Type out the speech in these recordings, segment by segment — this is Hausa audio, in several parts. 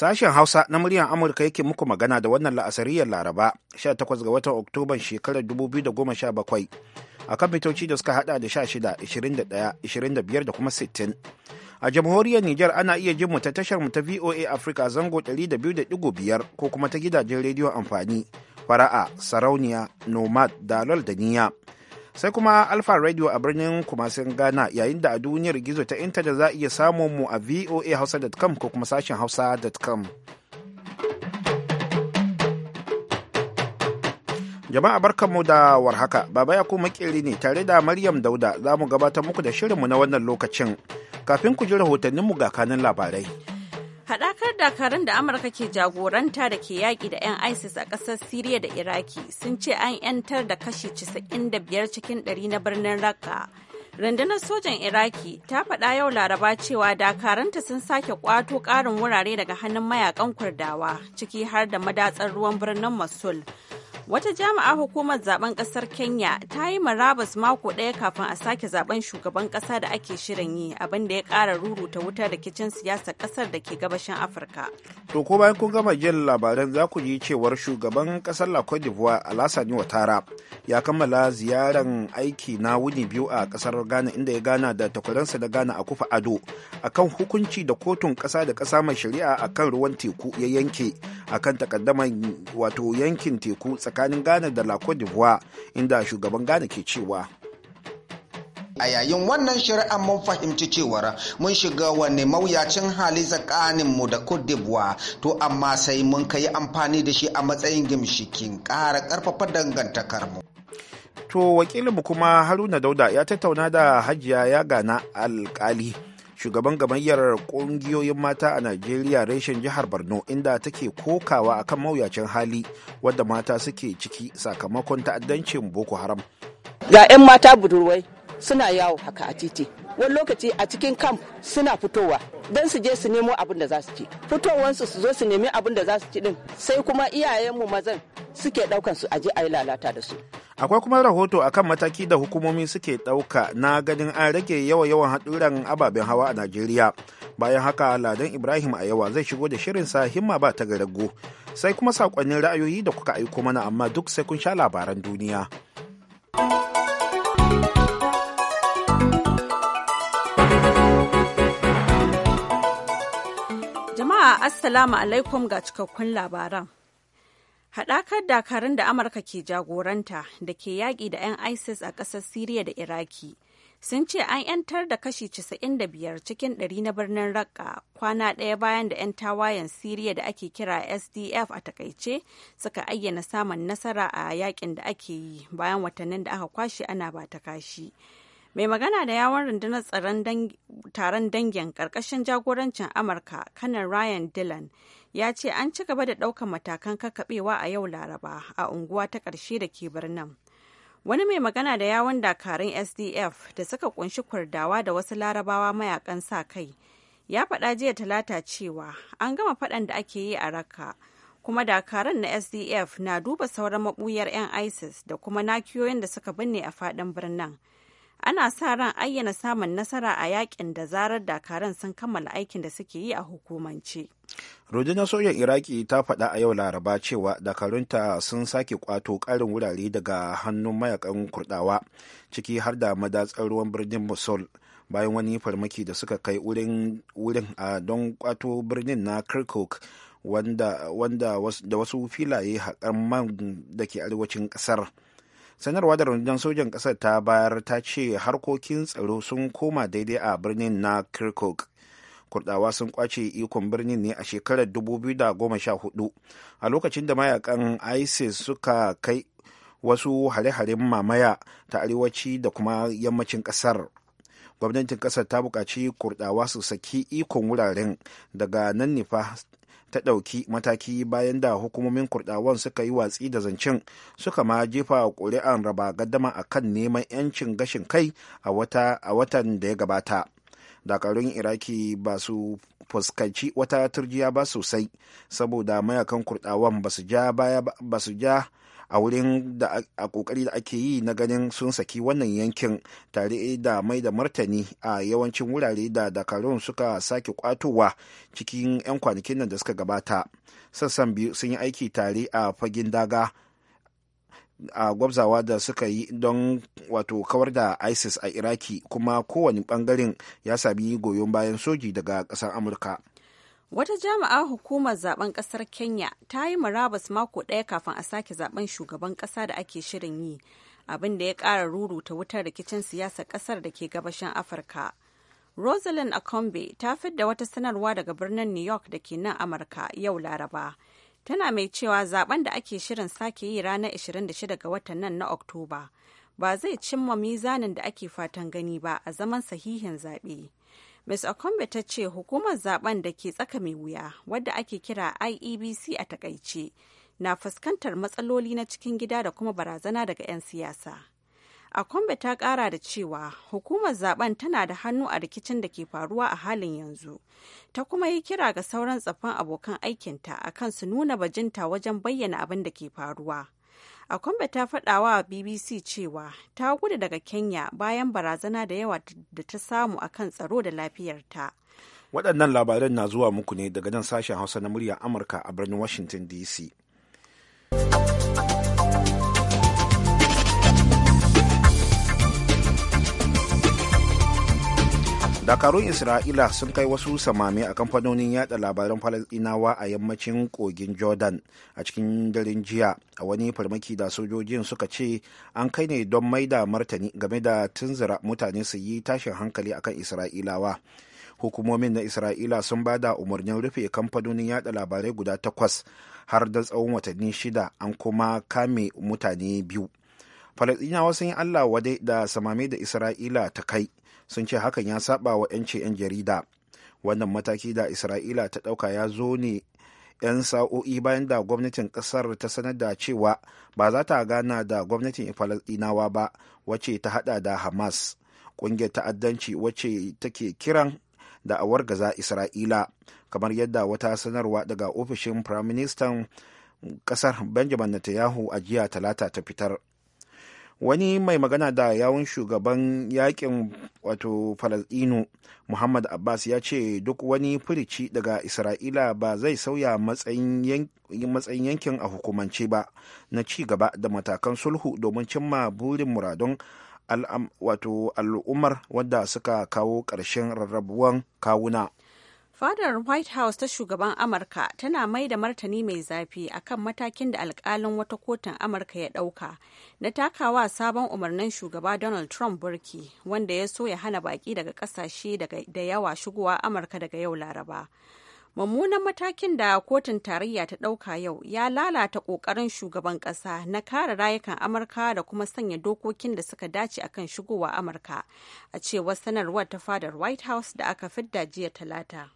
Sashen Hausa na muryar Amurka yake muku magana da wannan la'asariyar Laraba 18 ga watan Oktoban shekarar 2017 a kan fitoci da suka hada da 16, 21, 25 da kuma 60. A jamhuriyar Nijar ana iya jin mu ta tashar mu ta VOA Africa zango 200.5 ko kuma ta gidajen rediyon amfani fara'a, sarauniya, nomad, dalol da niya. sai kuma alfa radio a birnin kumasin ghana yayin da a duniyar gizo ta intanet za a iya samun mu a voa voahausa.com ko kuma sashen hausa.com jama'a barkanmu da warhaka baba ya kuma makeri ne tare da maryam dauda za mu gabatar muku da shirinmu na wannan lokacin kafin ku ji rahotanninmu ga kanin labarai Haɗakar dakarun da Amurka ke jagoranta da ke yaƙi da 'yan ISIS a ƙasar Siriya da Iraki sun ce an 'yantar da kashi 95 cikin 100 na birnin Raqqa. Rundunar sojan Iraki ta faɗa yau Laraba cewa dakaranta sun sake ƙwato ƙarin wurare daga hannun mayakan Kurdawa, ciki har da madatsar ruwan birnin Mosul. Wata jami'a hukumar zaben kasar Kenya ta yi marabas mako ɗaya kafin a sake zaben shugaban ƙasa da ake shirin yi abin da ya ƙara ruruta wutar rikicin siyasar ƙasar da ke gabashin Afirka. To ko bayan kun gama jin labaran za ku ji cewar shugaban ƙasar La Cote d'Ivoire Alassane Ouattara ya kammala ziyaran aiki na wuni biyu a ƙasar Ghana inda ya gana da takwaransa da Ghana a kufa ado akan hukunci da kotun ƙasa da ƙasa mai shari'a akan ruwan teku ya yanke akan takaddamar wato yankin teku tsakanin tsakanin ghana da la cote d'ivoire inda shugaban ghana ke cewa a yayin wannan shari'ar mun fahimci cewar mun shiga wani mawuyacin hali tsakaninmu da Cote d'Ivoire to amma sai mun kai amfani da shi a matsayin gimshikin ƙara ƙarfafa dangantakarmu. To wakilinmu kuma Haruna Dauda ya tattauna da Hajiya ya gana alƙali. shugaban gamayyar kungiyoyin mata a najeriya reshen jihar borno inda take kokawa akan mawuyacin hali wadda mata suke ciki sakamakon ta'addancin boko haram ga 'yan mata budurwai suna yawo haka a titi wani lokaci a cikin camp suna fitowa don su je su nemo abin da za su ci fitowansu su zo su nemi abin da za su ci din sai kuma iyayenmu mazan suke daukan su aje a yi lalata da su akwai kuma rahoto akan mataki da hukumomi suke dauka na ganin an rage yawa yawan haduran ababen hawa a najeriya bayan haka ladan ibrahim a yawa zai shigo da shirin sa himma ba ta garago sai kuma sakonnin ra'ayoyi da kuka aiko mana amma duk sai kun sha labaran duniya thank a assalamu alaikum ga cikakkun labaran haɗakar dakarun da amurka ke jagoranta da ke yaƙi da 'yan isis a ƙasar siriya da iraki sun ce an 'yantar da kashi 95 cikin 100 na birnin raqqa kwana ɗaya bayan da 'yan tawayen siriya da ake kira sdf a takaice suka ayyana samun nasara a yaƙin da ake yi bayan watannin da aka kwashe ana ba ta kashi mai magana da yawon rundunar tsaron taron dangin karkashin jagorancin amurka kanan ryan dillon ya ce an ci gaba da ɗaukan matakan kakaɓewa a yau laraba a unguwa ta ƙarshe da ke birnin wani mai magana da yawon dakarun sdf da suka kunshi kurdawa da wasu larabawa mayakan sa kai ya faɗa jiya talata cewa an gama faɗan da ake yi a raka kuma dakarun na sdf na duba sauran maɓuyar 'yan isis da kuma nakiyoyin da suka binne a faɗin birnin ana sa ran ayyana samun nasara a yakin da zarar dakaran sun kammala aikin da suke yi a hukumance. rundunar sojan iraki ta faɗa a yau laraba cewa dakarunta sun sake kwato ƙarin wurare daga hannun mayakan kurdawa ciki har da madatsar ruwan birnin mosul bayan wani farmaki da suka kai wurin a don kwato birnin na kirkuk wanda, da wasu filaye haƙar man da ke arewacin ƙasar. sanarwa da rundunar sojan ƙasar ta bayar ta ce harkokin tsaro sun koma daidai a birnin na kirkuk kurdawa sun kwace ikon birnin ne a shekarar 2014 a lokacin da mayakan isis suka kai wasu hare-haren mamaya ta arewaci da kuma yammacin ƙasar gwamnatin ƙasar ta buƙaci kurdawa su saki ikon wuraren daga nan nifa ta ɗauki mataki bayan da hukumomin kurdawan suka yi watsi da zancen suka ma jefa ƙuri'an raba gaddama a kan neman 'yancin gashin kai a watan da ya gabata dakarun iraki ba su fuskanci wata turjiya ba sosai saboda mayakan kurdawan ba su ja a wurin da a kokari da ake yi na ganin sun saki wannan yankin tare da mai da martani a yawancin wurare da dakarun suka sake kwatowa cikin 'yan kwanakin nan da suka gabata sassan biyu sun yi aiki tare a fagin daga a gwabzawa da suka yi don wato kawar da isis a iraki kuma kowane bangaren ya sami goyon bayan soji daga ƙasar amurka Wata jami'a hukumar zaben kasar Kenya ta yi murabus mako ɗaya kafin a sake zaben shugaban ƙasa da ake shirin yi, abin da ya ƙara ruruta wutar rikicin siyasar ƙasar da ke gabashin Afirka. Rosalind Akombe ta da wata sanarwa daga birnin New York da ke nan Amurka yau Laraba. Tana mai cewa zaben da ake shirin sake yi ranar 26 ga watan nan na Oktoba ba zai cimma mizanin da ake fatan gani ba a zaman sahihin zaɓe. Ms. Okombe ta ce hukumar zaben da ke tsaka mai wuya wadda ake kira IEBC a takaice na fuskantar matsaloli na cikin gida da kuma barazana daga 'yan siyasa. Akombe ta kara da cewa hukumar zaben tana da hannu a rikicin da ke faruwa a halin yanzu, ta kuma yi kira ga sauran tsaffan abokan aikinta a kan su nuna bajinta wajen bayyana abin da ke faruwa. Akwambe ta faɗa wa BBC cewa ta gudu daga Kenya bayan barazana da yawa da ta samu a kan tsaro da lafiyarta. Waɗannan labaran na zuwa muku ne daga nan sashen Hausa na muryar Amurka a birnin Washington DC. dakarun isra'ila sun kai wasu samami a kamfanonin yada labaran falasdinawa a yammacin kogin jordan a cikin garin jiya a wani farmaki da sojojin suka ce an kai ne don mai da martani game da tunzura mutane su yi tashin hankali akan isra'ilawa hukumomin na isra'ila sun ba da umarnin rufe kamfanonin yada labarai guda takwas har da tsawon watanni shida an kuma kame mutane biyu falasdinawa sun yi allah wadai da samami da isra'ila ta kai sun ce hakan ya saba wa 'yanci 'yan jarida wannan mataki da isra'ila ta dauka ya zo ne 'yan sa'o'i bayan da gwamnatin kasar ta sanar da cewa ba za ta gana da gwamnatin falasɗinawa ba wacce ta hada da hamas ƙungiyar ta'addanci wacce take kiran da a wargaza isra'ila kamar yadda wata sanarwa daga ofishin firaministan kasar benjamin netanyahu a jiya talata ta fitar wani mai magana da yawun shugaban yakin wato falasdino muhammad abbas ya ce duk wani furici daga isra'ila ba zai sauya matsayin yankin a hukumance ba na ci gaba da matakan sulhu domin cimma burin muradun al'ummar wadda suka kawo ƙarshen rarrabuwan kawuna Fadar White House ta shugaban Amurka tana mai da martani mai zafi akan matakin da alkalin wata kotun Amurka ya ɗauka na takawa sabon umarnin shugaba Donald Trump burki wanda ya so ya hana baki daga ƙasashe da yawa shigowa Amurka daga yau Laraba. Mummunan matakin da kotun tarayya ta ɗauka yau ya lalata ƙoƙarin shugaban ƙasa na kare rayukan Amurka da kuma sanya dokokin da suka dace akan shigowa Amurka, a cewar sanarwar ta fadar White House da aka fidda jiya Talata.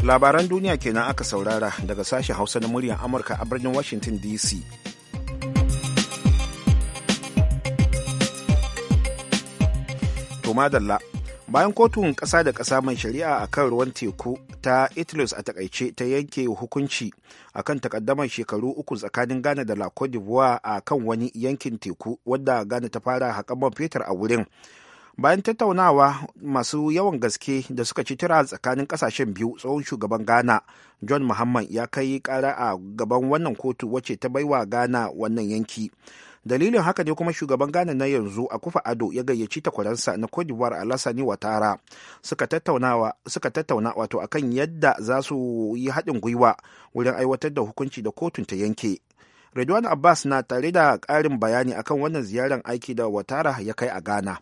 Labaran duniya kenan aka saurara daga sashen Hausa na muryar Amurka a birnin Washington DC. To madalla bayan kotun ƙasa da ƙasa mai shari'a a kan ruwan teku ta italus a takaice ta yanke hukunci a kan takaddamar shekaru uku tsakanin ghana da la d'ivoire a kan wani yankin teku wadda ghana ta fara haƙaman fetur a wurin bayan tattaunawa masu yawan gaske da suka ci tura tsakanin ƙasashen biyu tsohon shugaban ghana john muhammad ya kai kara a gaban wannan kotu wacce ta baiwa ghana wannan yanki dalilin haka ne kuma shugaban ghana na yanzu a kufa ado ya gayyaci takwaransa na cote d'ivoire alassani watara suka suka tattauna wato akan yadda za su yi haɗin gwiwa wurin aiwatar da hukunci da kotun ta yanke redwan abbas na tare da ƙarin bayani akan wannan ziyarar aiki da watara ya kai a ghana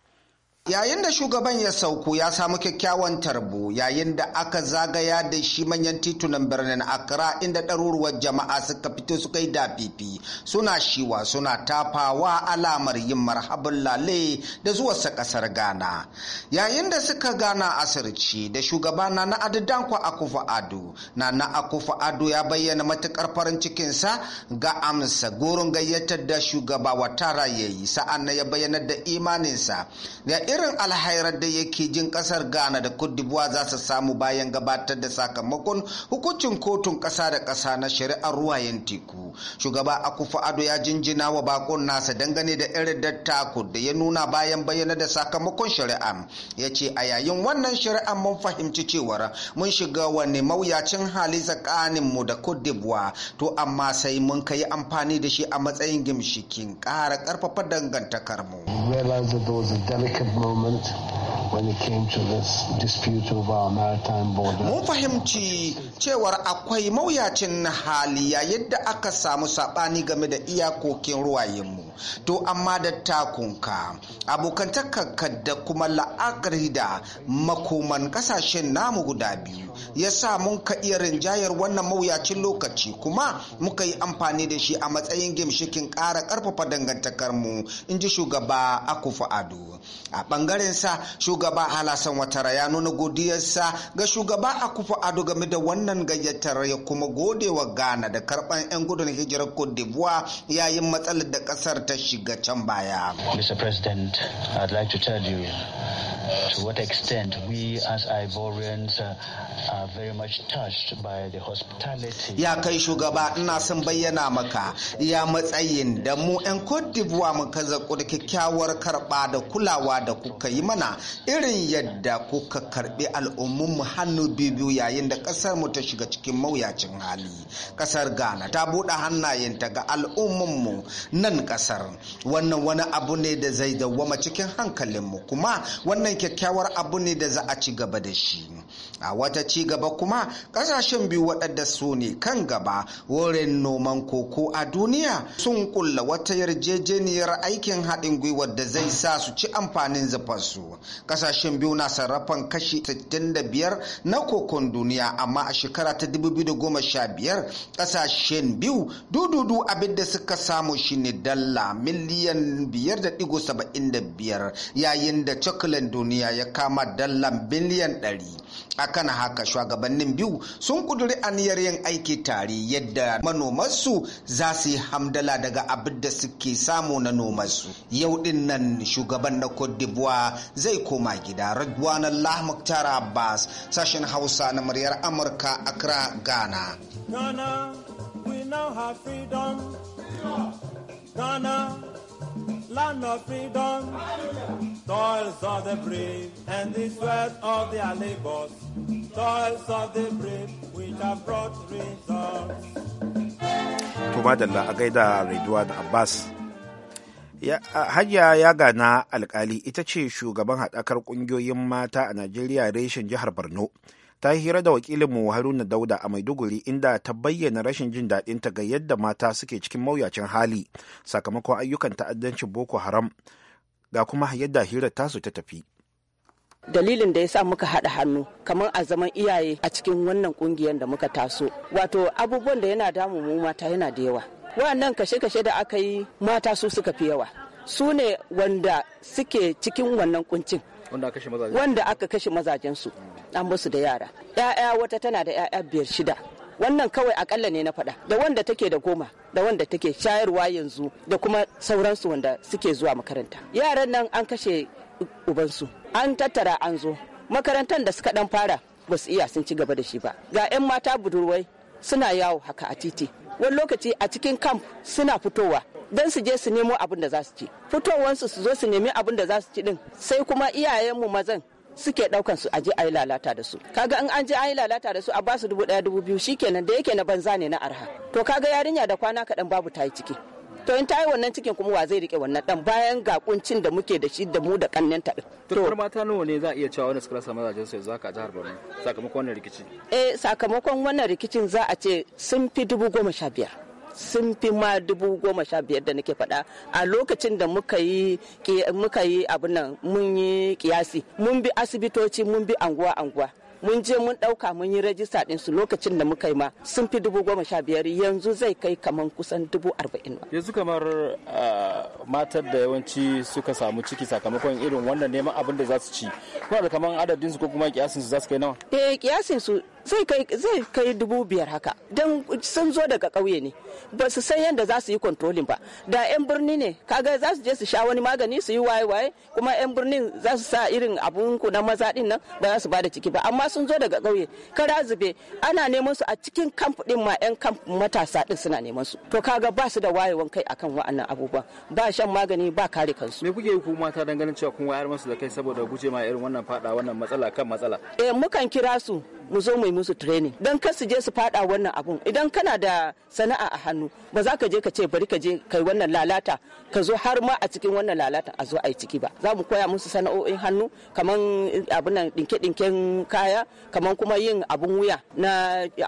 Yayin da shugaban ya sauku ya samu kyakkyawan tarbo yayin da aka zagaya da shi manyan titunan birnin akra inda ɗaruruwar jama'a suka fito suka yi dafifi suna shiwa suna tafawa alamar yin marhabin lale da zuwa ƙasar Ghana. Yayin da suka gana asirci da shugaba na na Adudankwa Akufa Ado na na Akufa Ado ya bayyana matuƙar farin cikinsa ga amsa gurin gayyatar da shugaba Watara ya yi sa'an ya bayyana da imaninsa da irin alhairar da yake jin kasar ghana da Kudubuwa za su samu bayan gabatar da sakamakon hukuncin kotun kasa da kasa na shari'ar ruwayen teku shugaba akufa ado ya jinjina wa bakon nasa dangane da irin dattako da ya nuna bayan bayyana da sakamakon shari'ar. ya ce a yayin wannan shari'ar mun fahimci cewar mun shiga wani mawuyacin hali tsakanin mu da Kudubuwa, to amma sai mun kai amfani da shi a matsayin gimshikin ƙara ƙarfafa dangantakarmu. moment when it border. Mun fahimci cewar akwai mawuyacin hali yayin da aka samu saɓani game da iyakokin ruwayenmu. to amma da takunka abokantakarka da kuma la'akari da makoman kasashen namu guda biyu ya sa mun ka iya rinjayar wannan mawuyacin lokaci kuma muka yi amfani da shi a matsayin gimshikin ƙara ƙarfafa dangantakar mu in ji shugaba akufa ado a ɓangaren sa shugaba halasan watara ya nuna godiyarsa ga shugaba akufa ado game da wannan gayyatar ya kuma godewa ghana da karɓan 'yan gudun hijirar cote d'ivoire yayin matsalar da ƙasar Mr. President, I'd like to tell you Uh, to what extent we as Ivorians uh, are very much touched by the hospitality. Ya kai shugaba ina son bayyana maka ya matsayin da mu 'yan Cote d'Ivoire muka zaƙo da kyakkyawar karɓa da kulawa da kuka yi mana irin yadda kuka karɓi al'ummun mu hannu biyu yayin da ƙasar mu ta shiga cikin mawuyacin hali. Ƙasar Ghana ta buɗe hannayenta ga al'ummun mu nan ƙasar. Wannan wani abu ne da zai dawwama cikin mu kuma wannan kyakkyawar abu ne da za a ci gaba da shi a wata ci gaba kuma kasashen biyu waɗanda su ne kan gaba wurin noman koko a duniya sun kulla wata yarjejeniyar aikin haɗin gwiwar da zai sa su ci amfanin zafarsu kasashen biyu na sarrafan kashi 65 na kokon duniya amma a shekara ta 2015 kasashen biyu dududu abinda suka samu shi ne dala miliyan 5.75 yayin da cakulan duniya ya kama dala miliyan 100 A akan haka shugabannin biyu sun kuduri aniyar yin aiki tare yadda manomansu za su yi hamdala daga abin da suke samu na nomansu yau din nan shugaban na cote zai koma gida radwan allah muktar abbas sashen hausa na muryar amurka accra ghana Ghana, we now have freedom. Ghana, land of freedom, Hallelujah. toils of the brave, and the sweat of their labors, toils of the brave, which have brought results. To Abbas. Hajiya ya gana alkali ita ce shugaban haɗakar ƙungiyoyin mata a Najeriya reshen jihar Borno. ta yi hira da wakilin mu haruna dauda a maiduguri inda ta bayyana rashin jin daɗin ta ga yadda mata suke cikin mawuyacin hali sakamakon ayyukan ta'addanci boko haram ga kuma yadda hirar tasu ta tafi dalilin da ya sa muka haɗa hannu kamar a zaman iyaye a cikin wannan kungiyar da muka taso wato abubuwan da yana damu mu mata yana da yawa wa'annan kashe-kashe da aka yi mata su suka fi yawa su ne wanda suke cikin wannan kuncin wanda aka kashe mazajensu an musu da yara ya'ya wata tana da ya'ya biyar shida wannan kawai akalla ne na faɗa da wanda take da goma da wanda take shayarwa yanzu da kuma sauransu wanda suke zuwa makaranta yaran nan an kashe ubansu an tattara an zo makarantar da suka dan fara ba su iya sun ci gaba da shi ba ga 'yan mata budurwai suna yawo haka a titi wani lokaci a cikin camp suna fitowa don su je su nemo abin da za su ci fitowansu su zo su nemi abin da za su ci din sai kuma iyayenmu mazan suke daukan su aje ayi lalata da su kaga in an je ayi lalata da su a basu dubu daya dubu biyu shikenan da yake na banza ne na arha to kaga yarinya da kwana kaɗan babu tayi ciki to in tayi yi wannan cikin kuma wa zai rike wannan dan bayan ga kuncin da muke da shi da mu da kannen ta to kuma mata nawa ne za a iya cewa wani suka rasa mazajen su yanzu haka a jihar Borno sakamakon wannan rikici eh sakamakon wannan rikicin za a ce sun fi dubu goma sha biyar sun fi ma dubu goma sha biyar da nake faɗa a lokacin da muka yi muka yi abin nan mun yi kiyasi mun bi asibitoci mun bi anguwa anguwa mun je mun ɗauka mun yi rajista ɗin su lokacin da muka yi ma sun fi dubu goma sha biyar yanzu zai kai kamar kusan dubu arba'in. yanzu kamar matar da yawanci suka samu ciki sakamakon irin wannan neman abin da za su ci kuna da kamar adadin su ko kuma kiyasin su za su kai nawa. eh kiyasin su zai kai dubu biyar haka don sun zo daga ƙauye ne ba su san yadda za su yi kontrolin ba da 'yan birni ne kaga za su je su sha wani magani su yi waye-waye kuma 'yan birnin za su sa irin abun ku na maza din nan ba za su bada ciki ba amma sun zo daga ƙauye kara zube ana neman su a cikin kamp din ma 'yan kamp matasa din suna neman su to kaga ba su da wayewan kai akan wa'annan abubuwan ba shan magani ba kare kansu me kuke yi ku mata dan ganin cewa kun wayar musu da kai saboda guje ma irin wannan fada wannan matsala kan matsala eh mukan kira su mu zo mu musu training dan kar su je su fada wannan abun idan kana da sana'a a hannu ba za ka je ka ce bari ka je kai wannan lalata ka zo har ma a cikin wannan lalata a zo a yi ciki ba za mu koya musu sana'o'in hannu kaman abun nan dinke-dinken kaya kaman kuma yin abun wuya na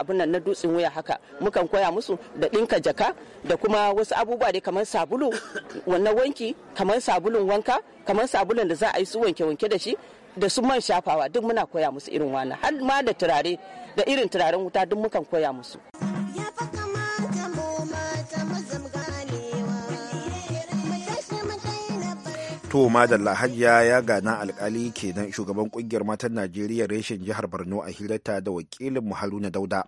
abun nan na dutsen wuya haka mukan koya musu da dinka jaka da kuma wasu abubuwa dai kamar sabulu wannan wanki kamar sabulun wanka kamar sabulun da za a yi su wanke-wanke da shi da su man shafawa duk muna koya musu irin wani har ma da turare da irin turaren wuta duk mukan koya musu. To Madalla Hajiya ya gana alkali kenan shugaban kungiyar matan Najeriya reshen jihar Borno a hirarta da wakilin Haruna Dauda.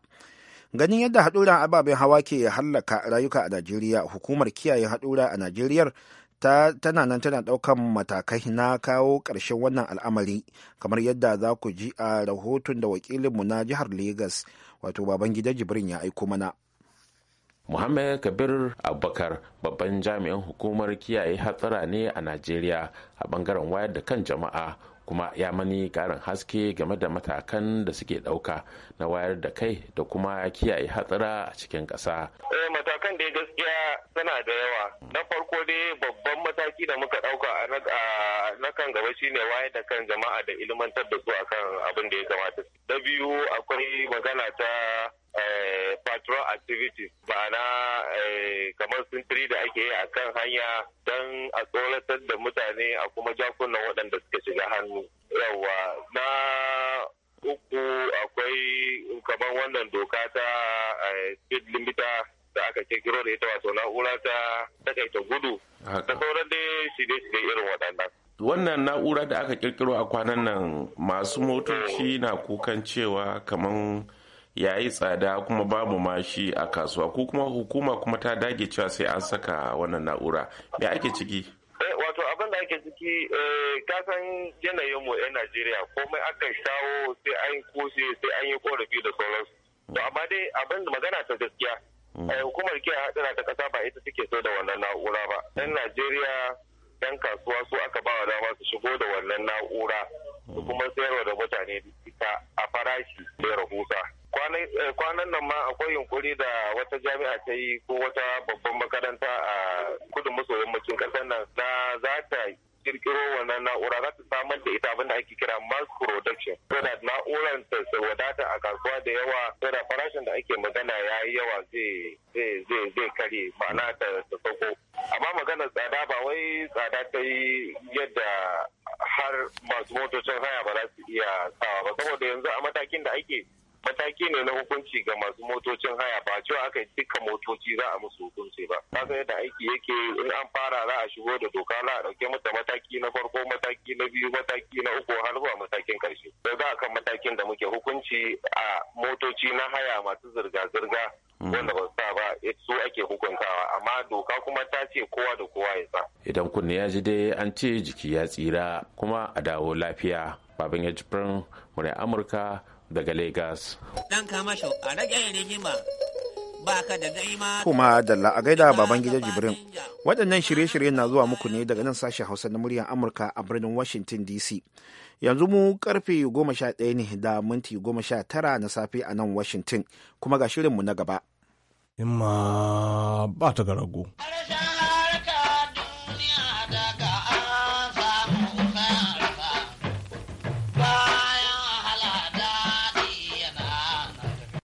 Ganin yadda haɗura ababen hawa ke hallaka rayuka a Najeriya, hukumar kiyaye haɗura a Najeriya ta tana nan tana ɗaukan matakai na kawo karshen wannan al'amari kamar yadda za ku ji a rahoton da wakilinmu na jihar Legas wato baban gida Jibrin ya aiko mana. Muhammad Kabir Abubakar babban jami'in hukumar kiyaye hatsara ne a Najeriya a bangaren wayar da kan jama'a kuma ya mani karin haske game da matakan da suke ɗauka na wayar da kai da kuma kiyaye hatsara a cikin ƙasa. Eh, matakan da gaskiya suna da yawa na farko dai babban mataki da muka ɗauka a na kan gaba shine wayar da kan jama'a da ilmantar da su akan abin da ya kamata na biyu akwai magana ta Eh, patrol activities ma'ana eh, kamar sintiri da ake yi a kan hanya don a tsoratar da mutane a kuma jakuna waɗanda suka shiga hannu yawa na uku akwai kamar wannan doka ta eh, speed limita da aka giro da ita wato na'ura ta takaita gudu da sauran dai shirye-shirye irin waɗannan wannan na'ura da aka kirkiro a kwanan nan masu motoci na kukan cewa kamar ya yi tsada kuma babu mashi a kasuwa ko kuma hukuma kuma ta dage cewa sai an saka wannan na'ura me ake ciki eh, wato abin da ake ciki eh, kasan yanayin mu 'yan najeriya komai aka shawo sai an yi kose sai an yi korafi da sauransu to amma dai abin da magana ta gaskiya mm. eh, hukumar kiyaye hadira ta kasa ba ita take so da wannan na'ura ba 'yan mm. najeriya 'yan kasuwa su aka ba wa dama su shigo da wannan na'ura mm. kuma sayarwa da mutane ita a farashi da rahusa Eh, kwanan nan ma akwai yunkuri da wata jami'a ta yi ko wata babban makaranta a kudu maso yammacin kasar nan na za ta kirkiro wannan na'ura za ta samar da ita abin ake kira mass production da na'uran ta wadata a kasuwa da yawa da farashin da ake magana ya yi yawa zai kare ma'ana ta sauko amma magana tsada ba wai tsada ta yi yadda har masu motocin haya ba za su iya sawa ba saboda yanzu a matakin da ake mataki ne na hukunci ga masu motocin haya ba cewa aka yi duka motoci za a musu hukunci ba san yadda aiki yake in an fara za a shigo da doka za a ɗauke mata mataki na farko mataki na biyu mataki na uku har zuwa matakin ƙarshe da za a kan matakin da muke hukunci a motoci na haya masu zirga-zirga hmm. wanda ba sa ba eh, su ake hukuntawa amma doka kuma ta ce kowa da kowa ya sa idan kunne ya ji dai an ce jiki ya tsira kuma a dawo lafiya baban ya jibrin murya amurka daga Legas. Dan a rage rigima kuma da a gaida baban gida jibrin waɗannan shirye shiryen na zuwa muku ne daga nan sashen hausa na muryar amurka a birnin washington dc yanzu mu karfe goma sha ɗaya ne da minti goma sha tara na safe a nan washington kuma ga shirinmu na gaba imma ba ta garago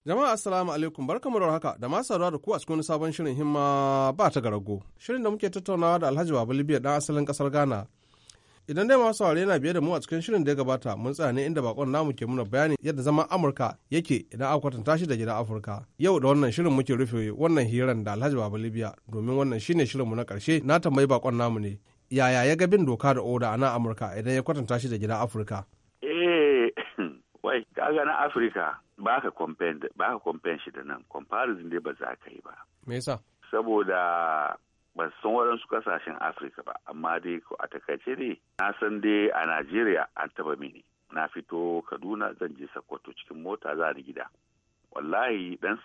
Jama'a assalamu alaikum barkamu da haka da masu saurara da ku a cikin sabon shirin himma ba ta garago. Shirin da muke tattaunawa da Alhaji Babu Libya dan asalin kasar Ghana. Idan dai masu saurare yana biye da mu a cikin shirin da ya gabata mun tsaya ne inda bakon namu ke muna bayani yadda zaman Amurka yake idan aka kwatanta shi da gidan Afirka. Yau da wannan shirin muke rufe wannan hiran da Alhaji Babu Libya domin wannan shine mu na karshe na tambayi bakon namu ne. Yaya ya ga bin doka da oda a nan Amurka idan ya kwatanta shi da gidan Afirka? kaga na afirka ba ka compare shi da nan comparison dai ba za ka yi ba me yasa saboda ban san waɗansu kasashen afirka ba amma dai ko a takaice dai na san dai a najeriya an taba mini na fito kaduna zan je sokoto cikin mota za ni gida wallahi yan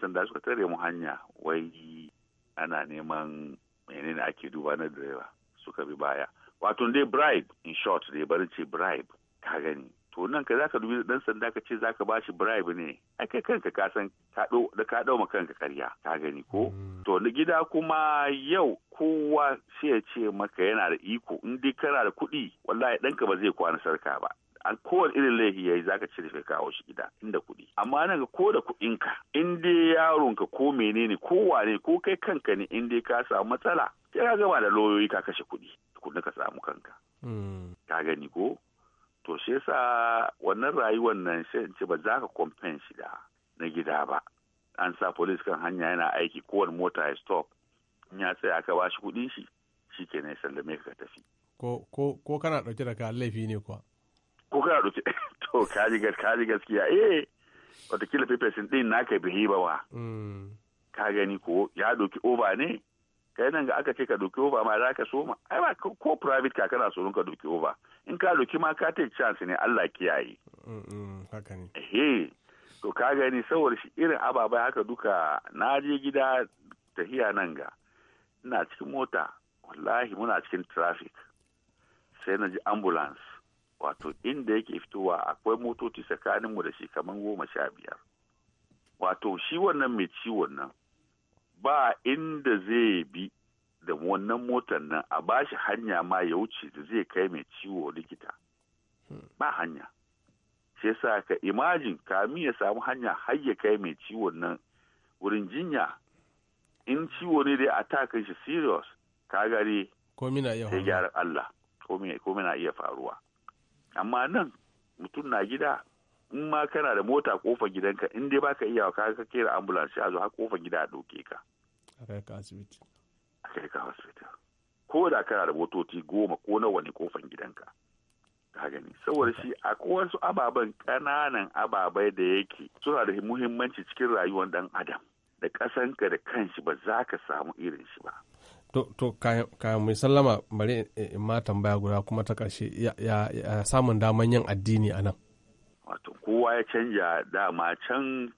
sanda suka tare mu hanya wai ana neman menene ake duba na direba suka bi baya wato dai bribe in short dai bari ce bribe ka gani to nan ka za ka dubi dan sanda ka ce za ka bashi bribe ne ai kai kanka ka san ka dau da ka dau kanka karya ka gani ko mm. to na gida kuma yau kowa sai ya ce maka yana da iko in dai kana da kuɗi wallahi ɗanka ba zai kwana sarka ba an kowane irin laifi yayi zaka cire shi kawo shi gida inda kuɗi amma nan ga ko da kuɗinka in dai yaronka ko menene ko wane ko kai kanka ne in dai ka samu matsala sai ka gama da lauyoyi ka kashe kuɗi kuɗin ka samu kanka mm. ka gani ko to shi yasa wannan rayuwar nan shi in ce ba za ka kwamfen shi da na gida ba an sa polis kan hanya yana aiki kowane mota ya stop in ya tsaya ka ba shi kuɗin shi shi ke ne sallame ka tafi ko kana dauke da ka laifi ne kuwa ko kana dauke to kaji kaji gaskiya eh watakila pepesin ɗin naka bihi ba wa mm. ka gani ko ya ɗauki oba ne kai nan ga aka ce ka doki over ma za ka ma ai ba ko private ka kana tsoron ka doki over in ka doki ma ka take chance ne Allah kiyaye mm, mm, haka ne eh to ka gani saboda shi irin ababai haka duka na je gida tahiya nan ga ina cikin mota wallahi muna cikin traffic sai na ji ambulance wato inda yake fitowa akwai motoci tsakaninmu da shi kamar goma sha biyar wato shi wannan mai ciwon nan ba inda zai bi da wannan motar nan a bashi hanya ma ya wuce da zai kai mai ciwo likita hmm. ba hanya shi yasa ka imajin kami ya samu hanya har ya kai mai ciwo nan wurin jinya in ciwo ne dai a takan shi sirius ka gare komi gyara gyaran Allah komi na iya faruwa amma nan mutum na gida in ma kana da mota kofar gidanka in dai baka iya ka ka kera ambulance a zo har kofar gida a doke ka kai ka asibiti kai ka asibiti ko da kana da motoci goma ko nawa ne kofar gidanka ka gani saboda shi akwai wasu ababen kananan ababai da yake suna da muhimmanci cikin rayuwar dan adam da kasanka da kanshi ba za ka samu irin shi ba to kayan mai sallama bari in ma tambaya guda kuma ta ƙarshe ya samun daman yin addini a nan wato kowa ya canja dama can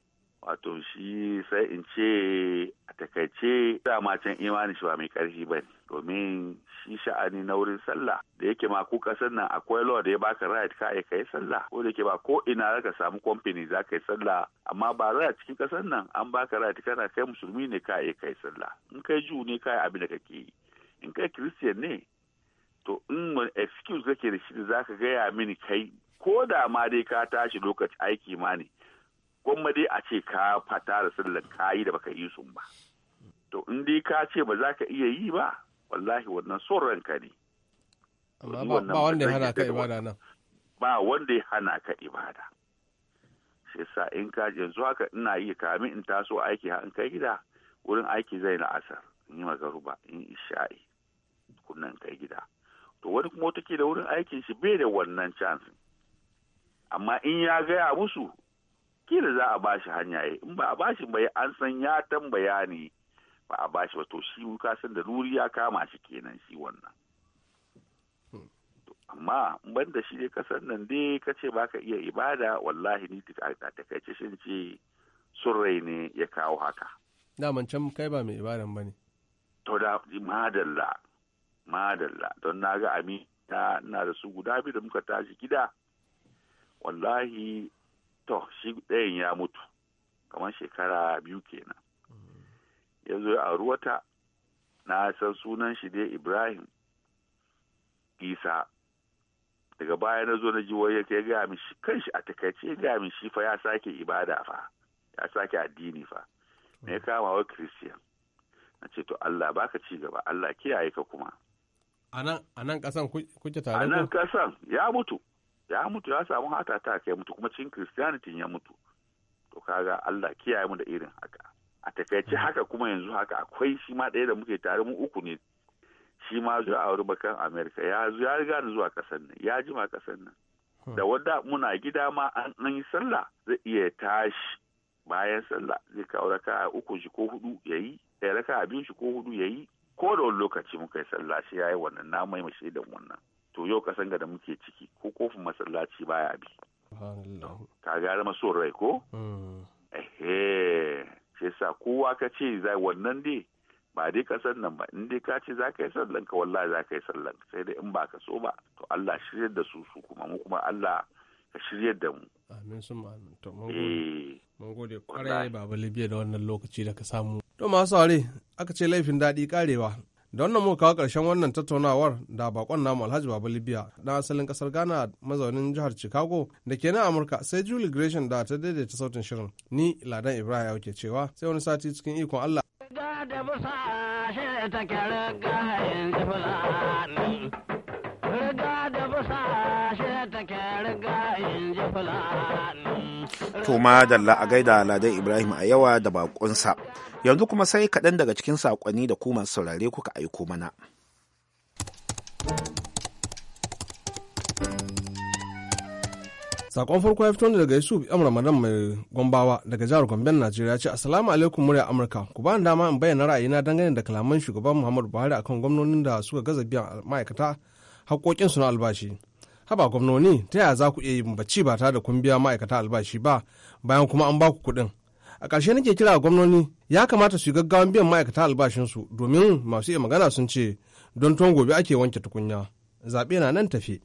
wato shi sai in ce a takaice dama can imani shi ba mai karfi ba ne domin shi sha'ani na wurin sallah da yake ma ko kasar nan akwai law da ya baka right ka ya kai sallah ko da yake ba ko ina zaka samu company za ka yi sallah amma ba right cikin kasar nan an baka right kana kai musulmi ne ka ya kai sallah in kai ju ne ka abin da kake yi in kai christian ne to in wani excuse kake da shi da ka gaya mini kai ko da ma dai ka tashi lokaci aiki ma ne gwamma dai a ce ka fata da sallar kayi da baka yi sun ba to in dai ka ce ba za ka iya yi ba wallahi wannan son ranka ne ba wanda ya hana ka ibada nan ba wanda ya hana ka ibada shi sa in ka yanzu haka ina yi kamin in taso aiki in kai gida wurin aiki zai na asar in yi magaruba in isha'i kunnan kai gida to wani kuma wata da wurin aikin shi bai da wannan chance amma in ya gaya musu kila za a bashi hanya ya in ba a bashi ba an san ya tambaya ne ba a bashi ba to shi ka san da ruri ya kama shi kenan shi wannan amma ban da shi ne kasar nan dai ka ce ba ka iya ibada wallahi ni a takaice shin ce sun rai ne ya kawo haka daman can kai ba mai ibadan ba ne to da madalla madalla don na ga amina na da su guda biyu da muka tashi gida wallahi to shi ɗayan ya mutu kamar shekara biyu kenan ya zo a ruwata na san sunan shi dai ibrahim isa daga baya na zo na ji wai ya gaya min shi kanshi a takaice ya gaya min shi fa ya sake ibada fa ya sake addini fa me ya kama wa christian na ce to Allah baka ci gaba Allah kiyaye ka kuma a nan kasan kuke tare a nan kasan ya mutu ya mutu ya samu hata ta ya mutu kuma cikin christianity ya mutu to kaga Allah kiyaye mu da irin haka a tafiyaci mm. haka kuma yanzu haka akwai shi ma ɗaya da muke tare mu uku ne shi ma zuwa ruba kan america ya zo ya riga ni zuwa kasan nan ya jima kasan nan hmm. da wadda muna gida ma an yi sallah zai iya tashi bayan sallah zai kawo raka uku shi ko hudu ya yi ya raka biyu shi ko hudu ya yi ko da wani lokaci muka yi sallah shi ya yi wannan na mai mashi da wannan to yau kasan ga da muke ciki ko kofin masallaci baya bi ka gara maso rai ko hmm. ehe shi sa kowa ka ce zai wannan dai ba dai san nan ba in dai ka ce za ka yi sallan ka wallahi za ka yi sallan sai dai in ba ka so ba to Allah shiryar da su su kuma mu kuma Allah ka shiryar da mu amin sun amin to mun gode eh. mun gode kwarai baba Libya da wannan lokaci da ka samu to masu aure aka ce laifin daɗi karewa don nan muka kawo ƙarshen wannan tattaunawar da bakon namu alhaji baba libya na asalin ƙasar ghana mazaunin jihar chicago da ke nan amurka sai julie gresham da ta daidaita sautin shirin ni ladan ibrahim ke cewa sai wani sati cikin ikon allah da To da a gaida Ladan Ibrahim a yawa da baƙonsa. Yanzu kuma sai kaɗan daga cikin saƙonni da kuma saurare kuka aiko mana. Sakon farko ya fito daga Yusuf amur Ramadan mai gombawa daga jihar gomben Najeriya ce Assalamu alaikum murya Amurka. Ku bani dama in bayyana ra'ayina dangane da kalaman shugaban Muhammadu Buhari akan gwamnonin da suka gaza biyan ma'aikata haƙƙoƙinsu na albashi. haba gwamnoni ta yaya za ku iya yin bacci ba tare da kun biya ma'aikata albashi ba bayan kuma an ba ku kuɗin a ƙarshe nake kira gwamnoni ya kamata su yi gaggawan biyan ma'aikata albashinsu domin masu iya magana sun ce don tuwon gobe ake wanke tukunya zaɓe na nan tafi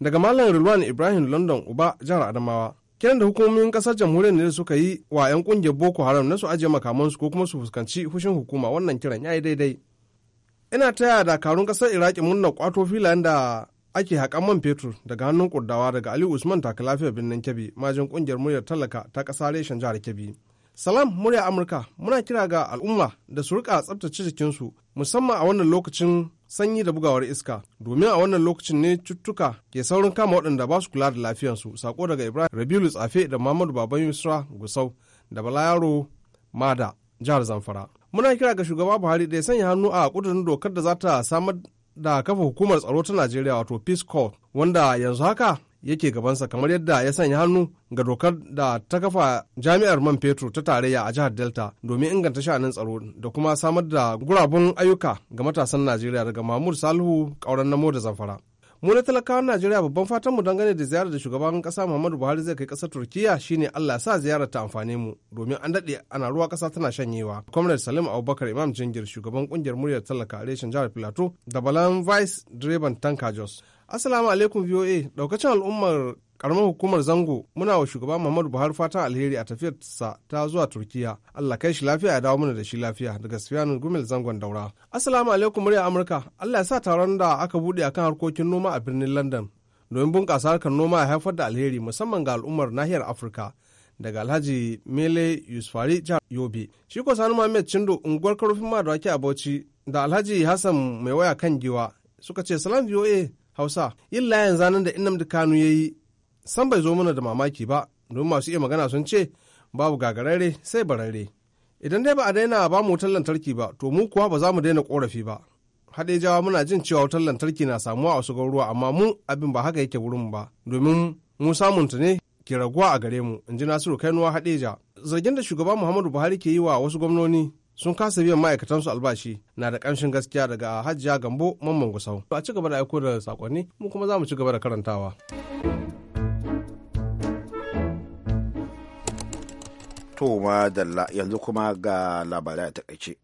daga malam rilwan ibrahim london uba jihar adamawa kiran da hukumomin ƙasar jamhuriyar ne suka yi wa 'yan kungiyar boko haram na su ajiye makamansu ko kuma su fuskanci fushin hukuma wannan kiran ya yi daidai ina taya dakarun kasar iraki munna kwato filayen da ake haƙan man fetur daga hannun kurdawa daga Ali Usman Takalafiyar birnin Kebbi majin ƙungiyar muryar talaka ta ƙasa reshen jihar Kebbi. Salam murya Amurka muna kira ga al'umma da su rika tsabtace jikinsu musamman a wannan lokacin sanyi da bugawar iska domin a wannan lokacin ne cututtuka ke saurin kama waɗanda ba su kula da lafiyarsu sako daga Ibrahim rabi'u Tsafe da Muhammadu Baban Yusra Gusau da Bala Yaro Mada jihar Zamfara. Muna kira ga shugaba Buhari da ya sanya hannu a kudurin dokar da za ta samar da kafa hukumar tsaro ta Najeriya wato Peace Corps wanda yanzu haka yake gabansa kamar yadda ya sanya hannu ga dokar da ta kafa jami'ar man fetur ta tarayya a jihar Delta domin inganta sha'anin tsaro da kuma samar da gurabun ayyuka ga matasan Najeriya daga Mahmud Salihu kauran namo da zamfara. mu na talakawan najeriya babban fatan mu dangane da ziyarar da shugaban kasa muhammadu buhari zai kai kasar turkiya shine allah sa ziyarar ta amfane mu domin an daɗe ana ruwa kasa tana shanyewa comrade salim abubakar imam jingir shugaban kungiyar muryar talaka a reshen jihar plateau da balan vice direban tanka jos assalamu alaikum voa daukacin al'ummar karamar hukumar zango muna wa shugaba muhammadu buhari fatan alheri a tafiyarsa ta zuwa turkiya allah kai shi lafiya ya dawo mana da shi lafiya daga sufiyanin gumel zangon daura assalamu alaikum murya amurka allah ya sa taron da aka bude akan harkokin noma a birnin london domin bunƙasa harkar noma ya haifar da alheri musamman ga al'ummar nahiyar afirka daga alhaji mele yusufari jihar yobe shi ko sani muhammad cindo unguwar karofin madawaki a bauchi da alhaji hassan mai waya kan giwa suka ce salam voa hausa yin layin zanen da inam da kanu ya yi san bai zo mana da mamaki ba don masu iya magana sun ce babu gagarare sai barare idan dai ba a daina ba mu wutar lantarki ba to mu kuwa ba za mu daina korafi ba haɗe jawa muna jin cewa wutar lantarki na samuwa a wasu ruwa amma mu abin ba haka yake wurin ba domin mu samunta ne ke raguwa a gare mu in ji nasiru kainuwa haɗeja zargin da shugaba muhammadu buhari ke yi wa wasu gwamnoni sun kasa biyan ma'aikatansu albashi na da ƙamshin gaskiya daga hajjiya gambo mamman gusau a ci gaba da aiko da sakonni mu kuma za mu ci gaba da karantawa. To yanzu kuma ga labarai a takaice.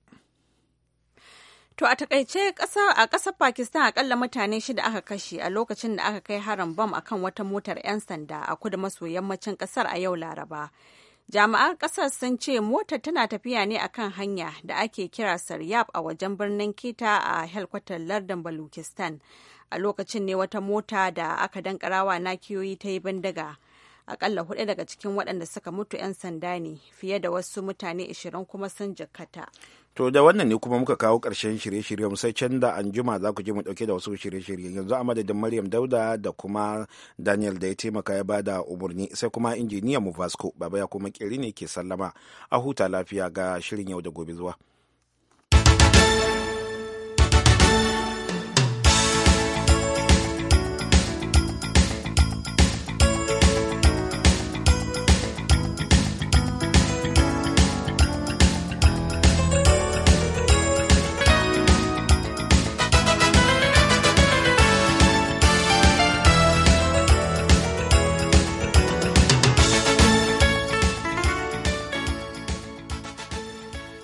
To a takaice kasa a ƙasar Pakistan akalla mutane shida aka kashe a lokacin da aka kai harin bam akan wata motar 'yan sanda a kudu maso yammacin ƙasar a yau Laraba. Jami'an ƙasar sun ce motar tana tafiya ne akan hanya da ake kira Saryab a wajen birnin Kita a helkwatar lardin Baluchistan. A lokacin ne wata mota da aka dankarawa kiyoyi ta yi bindiga. akalla hudu daga cikin waɗanda suka mutu 'yan sanda ne fiye da wasu mutane 20 kuma sun jikkata to da wannan ne kuma muka kawo ƙarshen shirye-shiryen sai can da anjima za ku je mu ɗauke da wasu shirye-shiryen yanzu a madadin maryam dauda da kuma daniel da ya taimaka ya bada umarni sai kuma injiniya mu vasco baba ya kuma ƙeri ne ke sallama a huta lafiya ga shirin yau da gobe zuwa